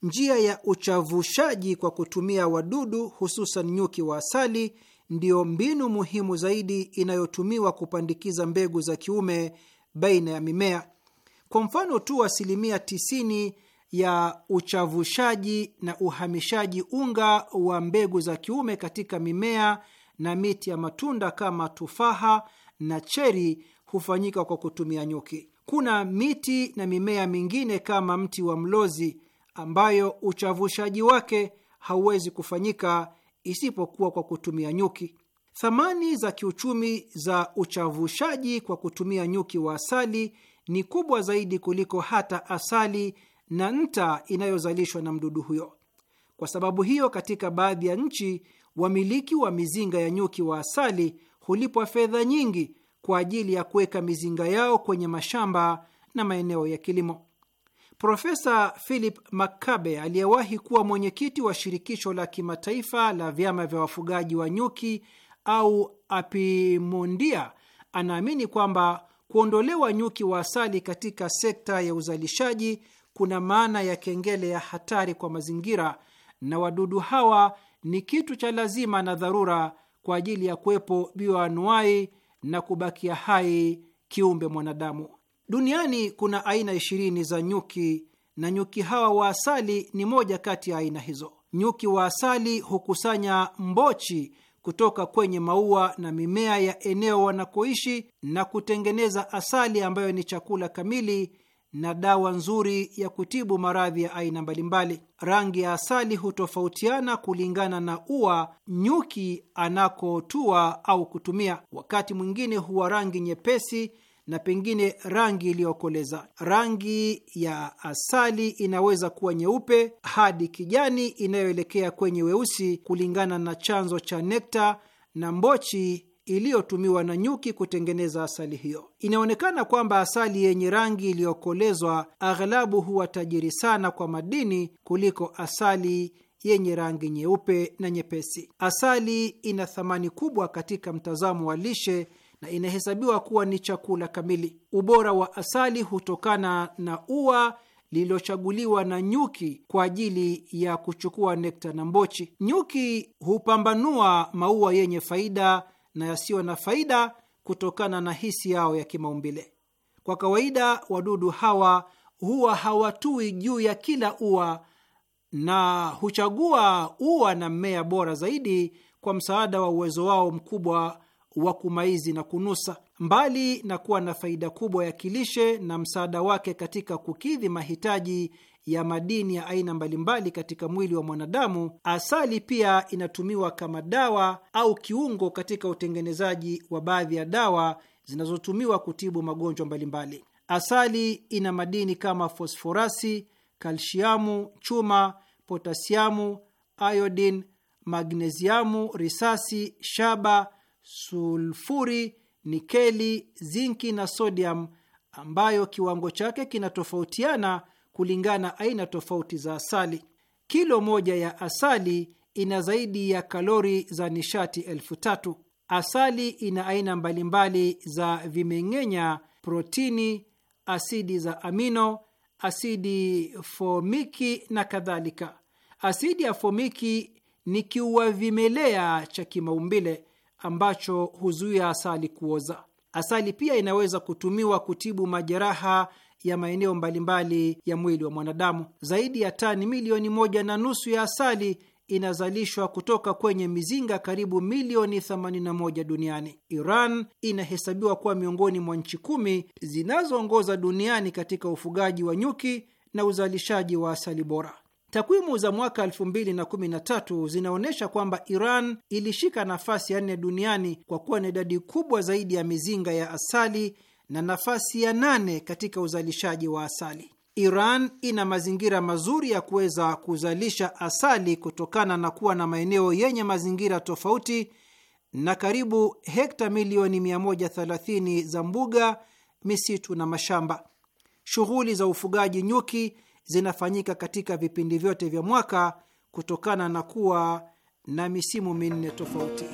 Njia ya uchavushaji kwa kutumia wadudu, hususan nyuki wa asali, ndiyo mbinu muhimu zaidi inayotumiwa kupandikiza mbegu za kiume baina ya mimea. Kwa mfano tu, asilimia 90 ya uchavushaji na uhamishaji unga wa mbegu za kiume katika mimea na miti ya matunda kama tufaha na cheri hufanyika kwa kutumia nyuki. Kuna miti na mimea mingine kama mti wa mlozi ambayo uchavushaji wake hauwezi kufanyika isipokuwa kwa kutumia nyuki. Thamani za kiuchumi za uchavushaji kwa kutumia nyuki wa asali ni kubwa zaidi kuliko hata asali na nta inayozalishwa na mdudu huyo. Kwa sababu hiyo, katika baadhi ya nchi wamiliki wa mizinga ya nyuki wa asali hulipwa fedha nyingi kwa ajili ya kuweka mizinga yao kwenye mashamba na maeneo ya kilimo. Profesa Philip Makabe aliyewahi kuwa mwenyekiti wa shirikisho la kimataifa la vyama vya wafugaji wa nyuki au Apimondia anaamini kwamba kuondolewa nyuki wa asali katika sekta ya uzalishaji kuna maana ya kengele ya hatari kwa mazingira, na wadudu hawa ni kitu cha lazima na dharura kwa ajili ya kuwepo bioanuai na kubakia hai kiumbe mwanadamu. Duniani kuna aina ishirini za nyuki na nyuki hawa wa asali ni moja kati ya aina hizo. Nyuki wa asali hukusanya mbochi kutoka kwenye maua na mimea ya eneo wanakoishi na kutengeneza asali ambayo ni chakula kamili na dawa nzuri ya kutibu maradhi ya aina mbalimbali. Rangi ya asali hutofautiana kulingana na ua nyuki anakotua au kutumia. Wakati mwingine huwa rangi nyepesi na pengine rangi iliyokoleza. Rangi ya asali inaweza kuwa nyeupe hadi kijani inayoelekea kwenye weusi kulingana na chanzo cha nekta na mbochi iliyotumiwa na nyuki kutengeneza asali hiyo. Inaonekana kwamba asali yenye rangi iliyokolezwa aghalabu huwa tajiri sana kwa madini kuliko asali yenye rangi nyeupe na nyepesi. Asali ina thamani kubwa katika mtazamo wa lishe na inahesabiwa kuwa ni chakula kamili. Ubora wa asali hutokana na ua lililochaguliwa na nyuki kwa ajili ya kuchukua nekta na mbochi. Nyuki hupambanua maua yenye faida na yasiyo na faida kutokana na hisi yao ya kimaumbile. Kwa kawaida, wadudu hawa huwa hawatui juu ya kila ua na huchagua ua na mmea bora zaidi kwa msaada wa uwezo wao mkubwa wa kumaizi na kunusa. Mbali na kuwa na faida kubwa ya kilishe na msaada wake katika kukidhi mahitaji ya madini ya aina mbalimbali katika mwili wa mwanadamu, asali pia inatumiwa kama dawa au kiungo katika utengenezaji wa baadhi ya dawa zinazotumiwa kutibu magonjwa mbalimbali. Asali ina madini kama fosforasi, kalsiamu, chuma, potasiamu, iodin, magneziamu, risasi, shaba sulfuri, nikeli, zinki na sodium, ambayo kiwango chake kinatofautiana kulingana aina tofauti za asali. Kilo moja ya asali ina zaidi ya kalori za nishati elfu tatu. Asali ina aina mbalimbali za vimeng'enya, protini, asidi za amino, asidi fomiki na kadhalika. Asidi ya fomiki ni vimelea cha kimaumbile ambacho huzuia asali kuoza. Asali pia inaweza kutumiwa kutibu majeraha ya maeneo mbalimbali ya mwili wa mwanadamu. Zaidi ya tani milioni moja na nusu ya asali inazalishwa kutoka kwenye mizinga karibu milioni 81 duniani. Iran inahesabiwa kuwa miongoni mwa nchi kumi zinazoongoza duniani katika ufugaji wa nyuki na uzalishaji wa asali bora. Takwimu za mwaka 2013 zinaonyesha kwamba Iran ilishika nafasi ya nne duniani kwa kuwa na idadi kubwa zaidi ya mizinga ya asali na nafasi ya nane katika uzalishaji wa asali. Iran ina mazingira mazuri ya kuweza kuzalisha asali kutokana na kuwa na maeneo yenye mazingira tofauti na karibu hekta milioni 130 za mbuga, misitu na mashamba. Shughuli za ufugaji nyuki zinafanyika katika vipindi vyote vya mwaka kutokana na kuwa na misimu minne tofauti.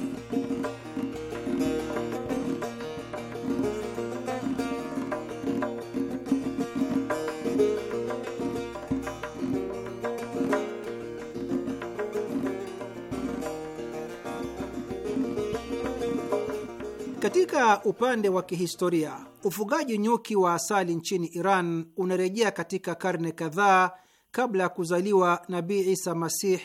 Katika upande wa kihistoria, ufugaji nyuki wa asali nchini Iran unarejea katika karne kadhaa kabla ya kuzaliwa Nabii Isa Masih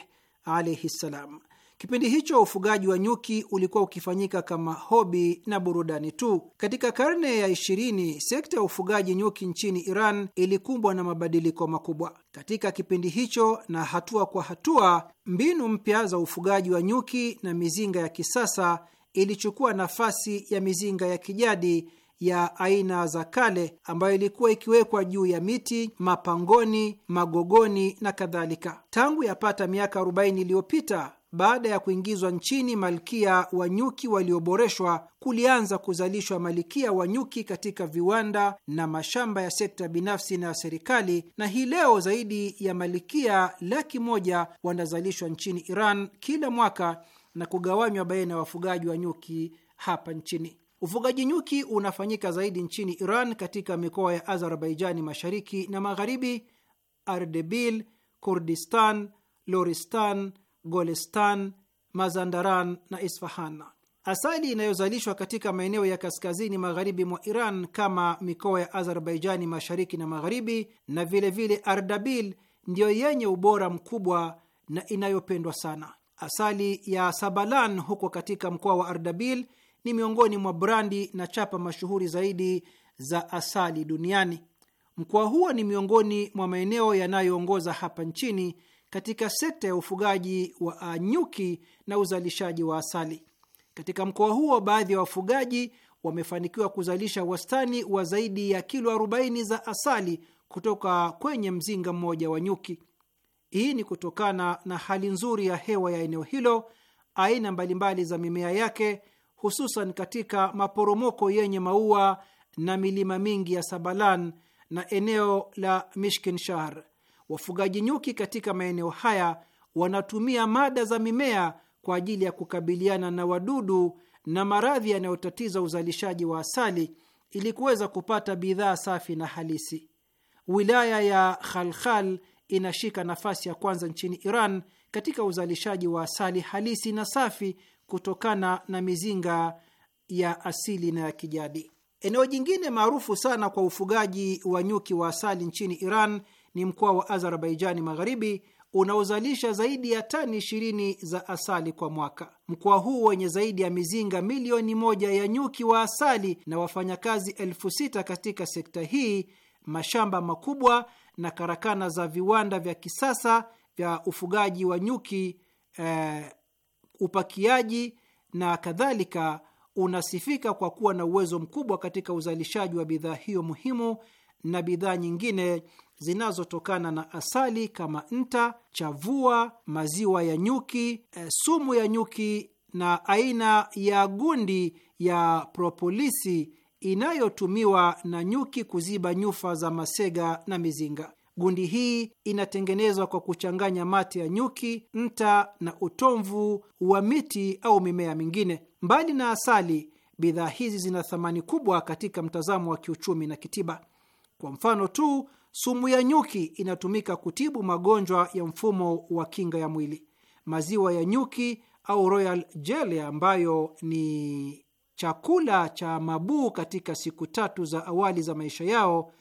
alaihi ssalam. Kipindi hicho ufugaji wa nyuki ulikuwa ukifanyika kama hobi na burudani tu. Katika karne ya ishirini, sekta ya ufugaji nyuki nchini Iran ilikumbwa na mabadiliko makubwa. Katika kipindi hicho na hatua kwa hatua, mbinu mpya za ufugaji wa nyuki na mizinga ya kisasa ilichukua nafasi ya mizinga ya kijadi ya aina za kale ambayo ilikuwa ikiwekwa juu ya miti, mapangoni, magogoni na kadhalika. Tangu yapata miaka 40 iliyopita, baada ya kuingizwa nchini malkia wa nyuki walioboreshwa, kulianza kuzalishwa malkia wa nyuki katika viwanda na mashamba ya sekta binafsi na ya serikali, na hii leo zaidi ya malkia laki moja wanazalishwa nchini Iran kila mwaka na kugawanywa baina ya wafugaji wa nyuki hapa nchini. Ufugaji nyuki unafanyika zaidi nchini Iran, katika mikoa ya Azerbaijani mashariki na magharibi, Ardebil, Kurdistan, Loristan, Golestan, Mazandaran na Isfahan. Asali inayozalishwa katika maeneo ya kaskazini magharibi mwa Iran kama mikoa ya Azerbaijani mashariki na magharibi na vilevile vile Ardabil ndiyo yenye ubora mkubwa na inayopendwa sana. Asali ya Sabalan huko katika mkoa wa Ardabil ni miongoni mwa brandi na chapa mashuhuri zaidi za asali duniani. Mkoa huo ni miongoni mwa maeneo yanayoongoza hapa nchini katika sekta ya ufugaji wa nyuki na uzalishaji wa asali. Katika mkoa huo, baadhi ya wafugaji wamefanikiwa kuzalisha wastani wa zaidi ya kilo 40 za asali kutoka kwenye mzinga mmoja wa nyuki. Hii ni kutokana na hali nzuri ya hewa ya eneo hilo, aina mbalimbali za mimea yake, hususan katika maporomoko yenye maua na milima mingi ya Sabalan na eneo la Mishkin Shahr. Wafugaji nyuki katika maeneo haya wanatumia mada za mimea kwa ajili ya kukabiliana na wadudu na maradhi yanayotatiza uzalishaji wa asali ili kuweza kupata bidhaa safi na halisi. Wilaya ya Khalkhal inashika nafasi ya kwanza nchini Iran katika uzalishaji wa asali halisi na safi kutokana na mizinga ya asili na ya kijadi. Eneo jingine maarufu sana kwa ufugaji wa nyuki wa asali nchini Iran ni mkoa wa Azerbaijani Magharibi unaozalisha zaidi ya tani ishirini za asali kwa mwaka. Mkoa huu wenye zaidi ya mizinga milioni moja ya nyuki wa asali na wafanyakazi elfu sita katika sekta hii, mashamba makubwa na karakana za viwanda vya kisasa vya ufugaji wa nyuki, eh, upakiaji na kadhalika, unasifika kwa kuwa na uwezo mkubwa katika uzalishaji wa bidhaa hiyo muhimu na bidhaa nyingine zinazotokana na asali kama nta, chavua, maziwa ya nyuki, eh, sumu ya nyuki na aina ya gundi ya propolisi inayotumiwa na nyuki kuziba nyufa za masega na mizinga. Gundi hii inatengenezwa kwa kuchanganya mate ya nyuki, nta na utomvu wa miti au mimea mingine. Mbali na asali, bidhaa hizi zina thamani kubwa katika mtazamo wa kiuchumi na kitiba. Kwa mfano tu, sumu ya nyuki inatumika kutibu magonjwa ya mfumo wa kinga ya mwili. Maziwa ya nyuki au royal jelly ambayo ni chakula cha mabuu katika siku tatu za awali za maisha yao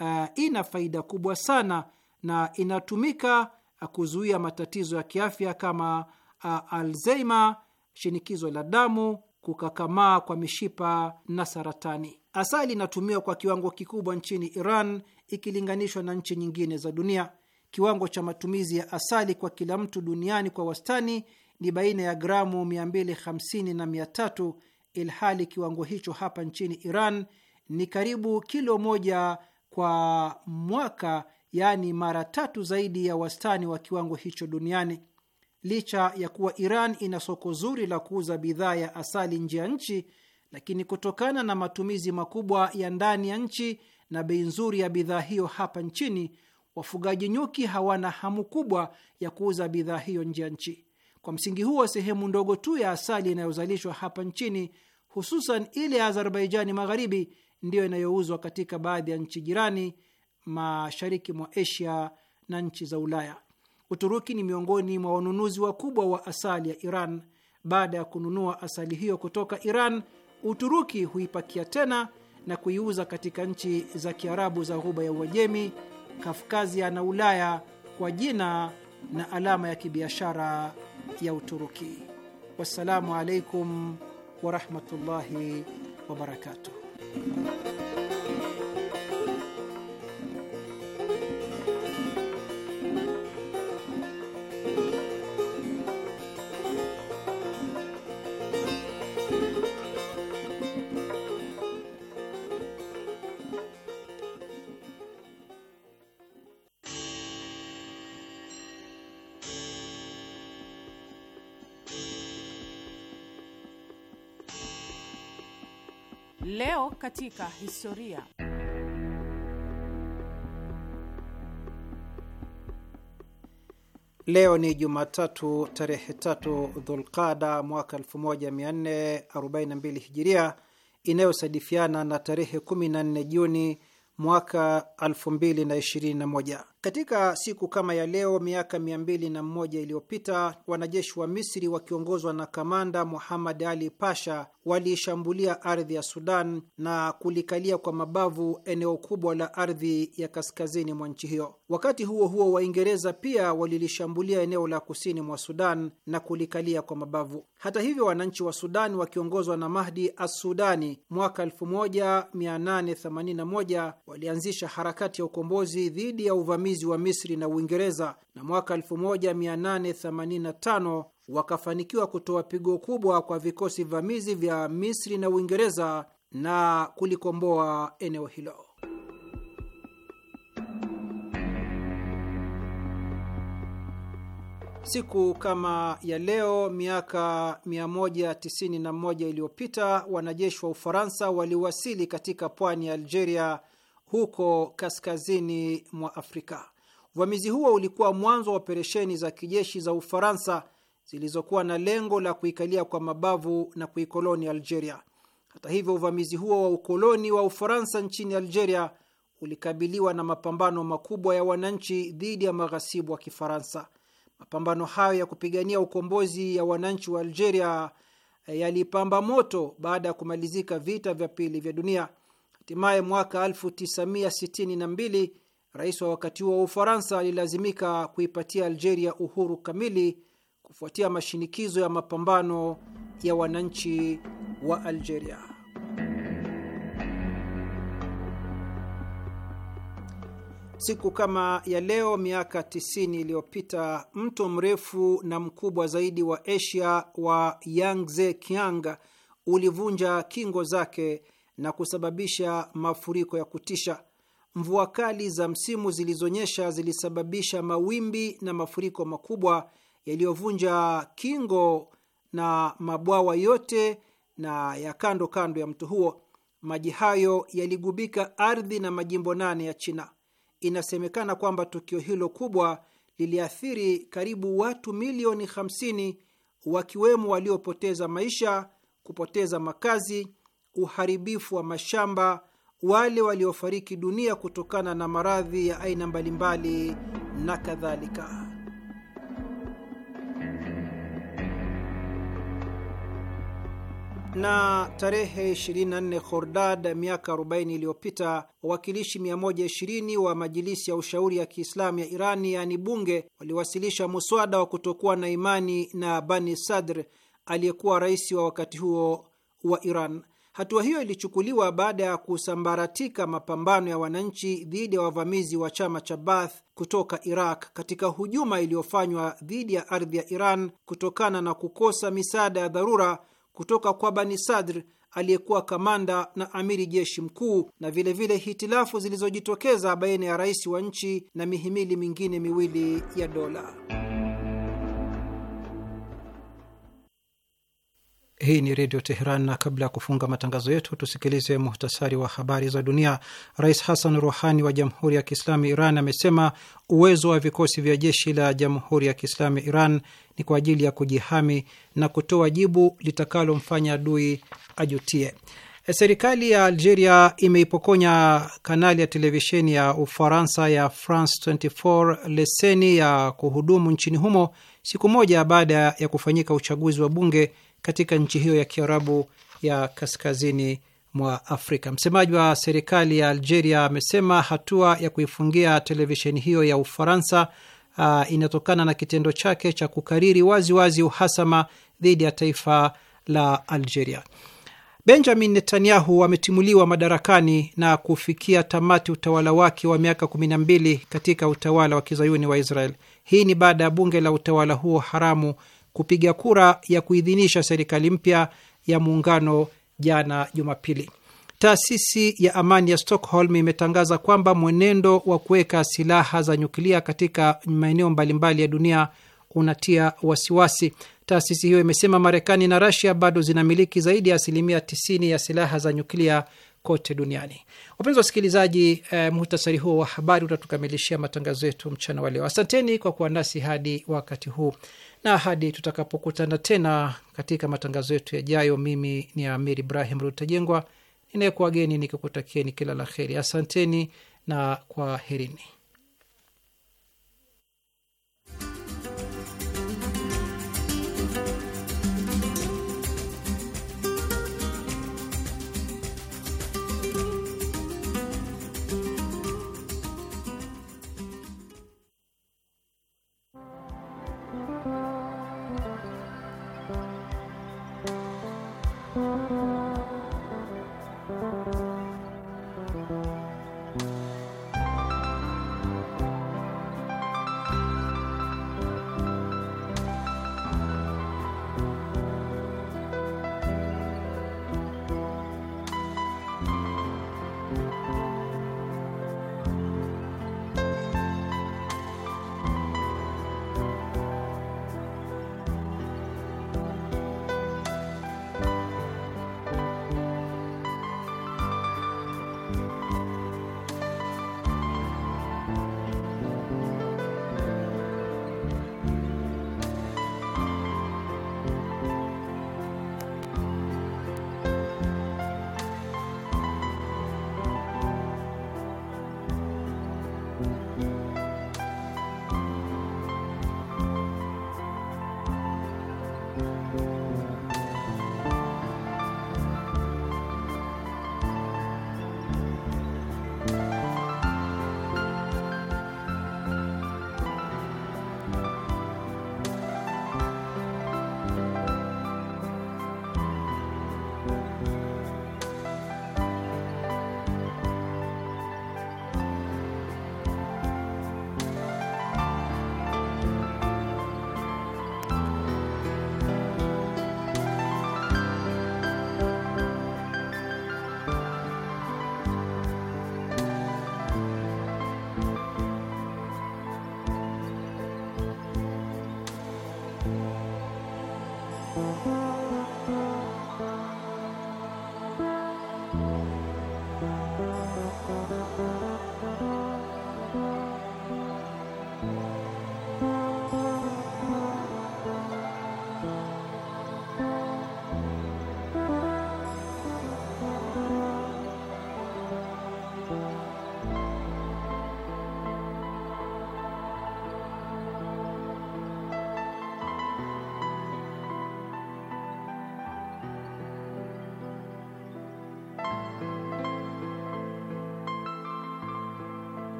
uh, ina faida kubwa sana na inatumika uh, kuzuia matatizo ya kiafya kama uh, Alzheimer, shinikizo la damu, kukakamaa kwa mishipa na saratani. Asali inatumiwa kwa kiwango kikubwa nchini Iran ikilinganishwa na nchi nyingine za dunia. Kiwango cha matumizi ya asali kwa kila mtu duniani kwa wastani ni baina ya gramu 250 na 300 ilhali kiwango hicho hapa nchini Iran ni karibu kilo moja kwa mwaka, yaani mara tatu zaidi ya wastani wa kiwango hicho duniani. Licha ya kuwa Iran ina soko zuri la kuuza bidhaa ya asali nje ya nchi, lakini kutokana na matumizi makubwa ya ndani ya nchi na bei nzuri ya bidhaa hiyo hapa nchini, wafugaji nyuki hawana hamu kubwa ya kuuza bidhaa hiyo nje ya nchi. Kwa msingi huo, sehemu ndogo tu ya asali inayozalishwa hapa nchini, hususan ile ya Azerbaijani Magharibi, ndiyo inayouzwa katika baadhi ya nchi jirani mashariki mwa Asia na nchi za Ulaya. Uturuki ni miongoni mwa wanunuzi wakubwa wa asali ya Iran. Baada ya kununua asali hiyo kutoka Iran, Uturuki huipakia tena na kuiuza katika nchi za Kiarabu za Ghuba ya Uajemi, Kafkazia na Ulaya kwa jina na alama ya kibiashara ya Uturuki. Wassalamu alaikum warahmatullahi wabarakatuh. katika historia. Leo ni Jumatatu tarehe tatu Dhulqada mwaka 1442 Hijiria, inayosadifiana na tarehe 14 Juni mwaka 2021. Katika siku kama ya leo miaka mia mbili na mmoja iliyopita wanajeshi wa Misri wakiongozwa na kamanda Muhammad Ali Pasha waliishambulia ardhi ya Sudan na kulikalia kwa mabavu eneo kubwa la ardhi ya kaskazini mwa nchi hiyo. Wakati huo huo, Waingereza pia walilishambulia eneo la kusini mwa Sudan na kulikalia kwa mabavu. Hata hivyo, wananchi wa Sudan wakiongozwa na Mahdi Assudani mwaka 1881 walianzisha harakati ya ukombozi dhidi ya uvamizi wavamizi wa Misri na Uingereza, na mwaka 1885 wakafanikiwa kutoa pigo kubwa kwa vikosi vamizi vya Misri na Uingereza na kulikomboa eneo hilo. Siku kama ya leo miaka 191 iliyopita wanajeshi wa Ufaransa waliwasili katika pwani ya Algeria huko kaskazini mwa Afrika. Uvamizi huo ulikuwa mwanzo wa operesheni za kijeshi za Ufaransa zilizokuwa na lengo la kuikalia kwa mabavu na kuikoloni Algeria. Hata hivyo, uvamizi huo wa ukoloni wa Ufaransa nchini Algeria ulikabiliwa na mapambano makubwa ya wananchi dhidi ya maghasibu wa Kifaransa. Mapambano hayo ya kupigania ukombozi ya wananchi wa Algeria eh, yalipamba moto baada ya kumalizika vita vya pili vya dunia. Hatimaye mwaka 1962 rais wa wakati huo wa Ufaransa alilazimika kuipatia Algeria uhuru kamili kufuatia mashinikizo ya mapambano ya wananchi wa Algeria. Siku kama ya leo miaka 90 iliyopita mto mrefu na mkubwa zaidi wa Asia wa Yangtze Kiang ulivunja kingo zake na kusababisha mafuriko ya kutisha. Mvua kali za msimu zilizonyesha zilisababisha mawimbi na mafuriko makubwa yaliyovunja kingo na mabwawa yote na ya kando kando ya mto huo. Maji hayo yaligubika ardhi na majimbo nane ya China. Inasemekana kwamba tukio hilo kubwa liliathiri karibu watu milioni 50 wakiwemo waliopoteza maisha, kupoteza makazi uharibifu wa mashamba, wale waliofariki dunia kutokana na maradhi ya aina mbalimbali na kadhalika. na tarehe 24 Khordad miaka 40 iliyopita wawakilishi 120 wa majilisi ya ushauri ya Kiislamu ya Irani yaani bunge waliwasilisha muswada wa kutokuwa na imani na Bani Sadr aliyekuwa rais wa wakati huo wa Iran. Hatua hiyo ilichukuliwa baada ya kusambaratika mapambano ya wananchi dhidi ya wavamizi wa chama cha Baath kutoka Iraq katika hujuma iliyofanywa dhidi ya ardhi ya Iran kutokana na kukosa misaada ya dharura kutoka kwa Bani Sadr aliyekuwa kamanda na amiri jeshi mkuu na vilevile vile hitilafu zilizojitokeza baina ya rais wa nchi na mihimili mingine miwili ya dola. Hii ni Redio Teheran, na kabla ya kufunga matangazo yetu tusikilize muhtasari wa habari za dunia. Rais Hassan Ruhani wa Jamhuri ya Kiislamu Iran amesema uwezo wa vikosi vya jeshi la Jamhuri ya Kiislamu Iran ni kwa ajili ya kujihami na kutoa jibu litakalomfanya adui ajutie. Serikali ya Algeria imeipokonya kanali ya televisheni ya Ufaransa ya France 24 leseni ya kuhudumu nchini humo siku moja baada ya kufanyika uchaguzi wa bunge katika nchi hiyo ya Kiarabu ya kaskazini mwa Afrika. Msemaji wa serikali ya Algeria amesema hatua ya kuifungia televisheni hiyo ya Ufaransa uh, inatokana na kitendo chake cha kukariri waziwazi wazi uhasama dhidi ya taifa la Algeria. Benjamin Netanyahu ametimuliwa madarakani na kufikia tamati utawala wake wa miaka 12 katika utawala wa kizayuni wa Israel. Hii ni baada ya bunge la utawala huo haramu kupiga kura ya kuidhinisha serikali mpya ya muungano jana Jumapili. Taasisi ya amani ya Stockholm imetangaza kwamba mwenendo wa kuweka silaha za nyuklia katika maeneo mbalimbali ya dunia unatia wasiwasi. Taasisi hiyo imesema Marekani na Rasia bado zinamiliki zaidi ya asilimia 90 ya silaha za nyuklia kote duniani. Wapenzi wasikilizaji, eh, muhtasari huo wa habari utatukamilishia matangazo yetu mchana wa leo. Asanteni kwa kuwa nasi hadi wakati huu na hadi tutakapokutana tena katika matangazo yetu yajayo, mimi ni Amir Ibrahim Rutajengwa ninayekuwageni nikikutakieni kila la heri. Asanteni na kwaherini.